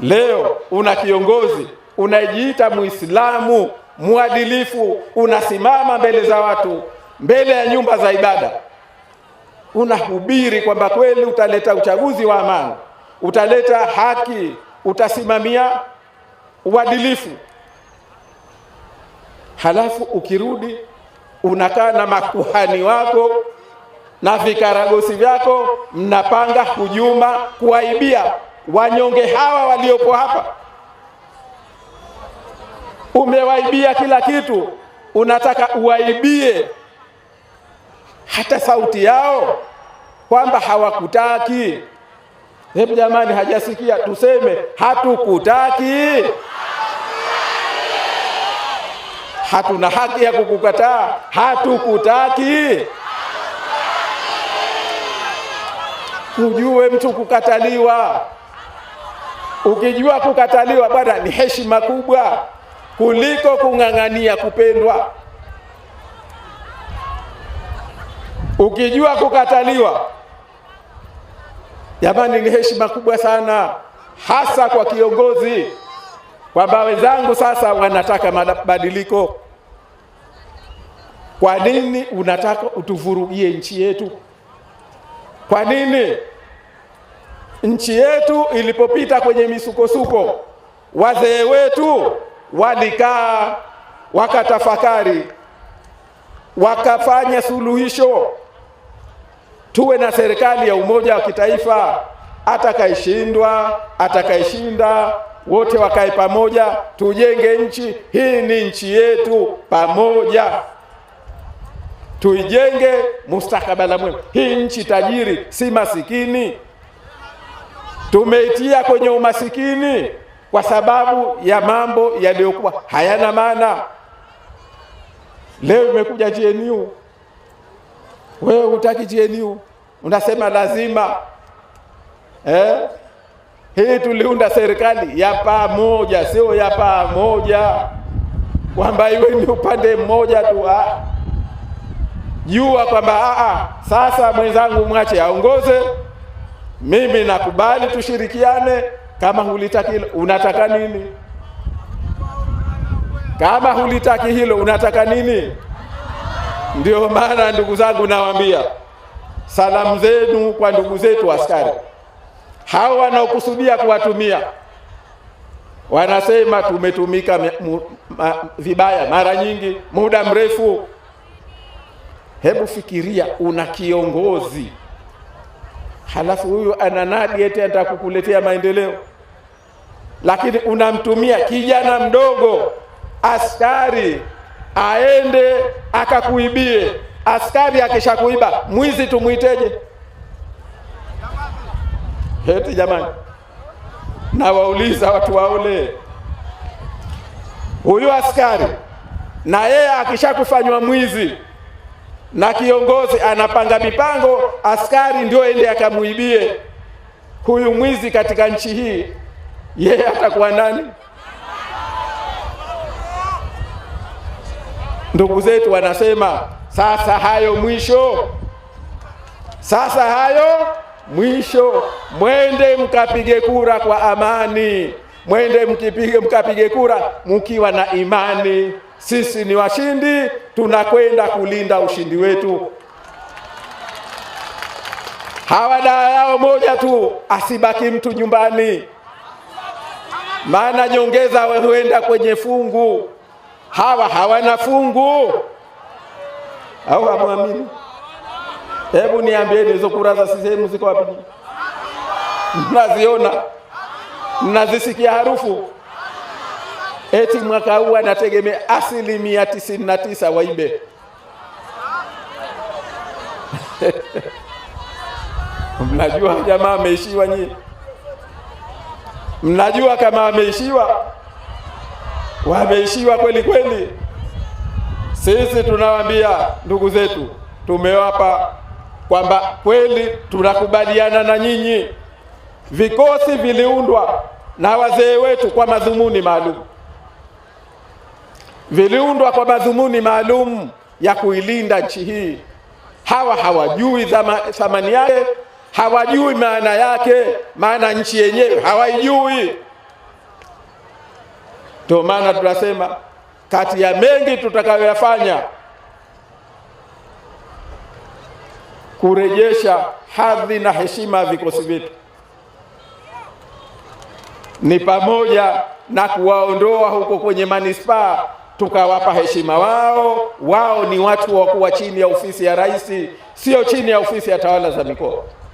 Leo una kiongozi unajiita Muislamu mwadilifu, unasimama mbele za watu, mbele ya nyumba za ibada, unahubiri kwamba kweli utaleta uchaguzi wa amani, utaleta haki, utasimamia uadilifu, halafu ukirudi unakaa na makuhani wako na vikaragosi vyako, mnapanga hujuma kuaibia wanyonge hawa waliopo hapa. Umewaibia kila kitu, unataka uwaibie hata sauti yao, kwamba hawakutaki. Hebu jamani, hajasikia tuseme hatukutaki. Hatuna haki ya kukukataa, hatukutaki. Ujue mtu kukataliwa Ukijua kukataliwa bwana ni heshima kubwa kuliko kung'ang'ania kupendwa. Ukijua kukataliwa, jamani, ni heshima kubwa sana, hasa kwa kiongozi, kwamba wenzangu sasa wanataka mabadiliko. Kwa nini unataka utuvurugie nchi yetu? Kwa nini? nchi yetu ilipopita kwenye misukosuko, wazee wetu walikaa wakatafakari, wakafanya suluhisho, tuwe na serikali ya umoja wa kitaifa, atakayeshindwa atakayeshinda wote wakae pamoja, tujenge nchi hii. Ni nchi yetu, pamoja tuijenge mustakabala mwema. Hii nchi tajiri, si masikini. Tumeitia kwenye umasikini kwa sababu ya mambo yaliyokuwa hayana maana. Leo imekuja GNU, wewe hutaki GNU, unasema lazima eh? Hii tuliunda serikali ya pamoja, sio ya pamoja kwamba iwe ni upande mmoja tu. Ah. Jua kwamba ah, ah, sasa mwenzangu mwache aongoze mimi nakubali tushirikiane, kama hulitaki hilo unataka nini? Kama hulitaki hilo unataka nini? Ndiyo maana ndugu zangu, nawaambia salamu zenu kwa ndugu zetu askari hao wanaokusudia kuwatumia wanasema tumetumika vibaya mara nyingi, muda mrefu. Hebu fikiria, una kiongozi halafu huyu ananadi eti atakukuletea maendeleo, lakini unamtumia kijana mdogo askari aende akakuibie. Askari akishakuiba mwizi tumwiteje? Heti jamani, nawauliza watu waole, huyu askari na yeye akishakufanywa mwizi na kiongozi anapanga mipango, askari ndio ende akamuibie huyu mwizi katika nchi hii, yeye atakuwa nani? Ndugu zetu wanasema sasa hayo mwisho, sasa hayo mwisho. Mwende mkapige kura kwa amani, mwende mkipige mkapige kura mkiwa na imani. Sisi ni washindi, tunakwenda kulinda ushindi wetu. Hawa daa yao moja tu, asibaki mtu nyumbani, maana nyongeza huenda kwenye fungu. Hawa hawana fungu au hamwamini? Hebu niambieni, hizo kura za sisehemu ziko wapi? Mnaziona, mnazisikia harufu eti mwaka huu anategemea asilimia 99 waibe. Mnajua jamaa ameishiwa nyinyi, mnajua kama wameishiwa, wameishiwa kweli kweli. Sisi tunawaambia ndugu zetu, tumewapa kwamba kweli tunakubaliana na nyinyi. Vikosi viliundwa na wazee wetu kwa madhumuni maalum viliundwa kwa madhumuni maalum ya kuilinda nchi hii. Hawa hawajui thamani yake, hawajui maana yake, maana nchi yenyewe hawaijui. Ndio maana tunasema kati ya mengi tutakayoyafanya kurejesha hadhi na heshima ya vikosi vyetu ni pamoja na kuwaondoa huko kwenye manispaa tukawapa heshima wao. Wao ni watu wa kuwa chini ya ofisi ya rais, sio chini ya ofisi ya tawala za mikoa.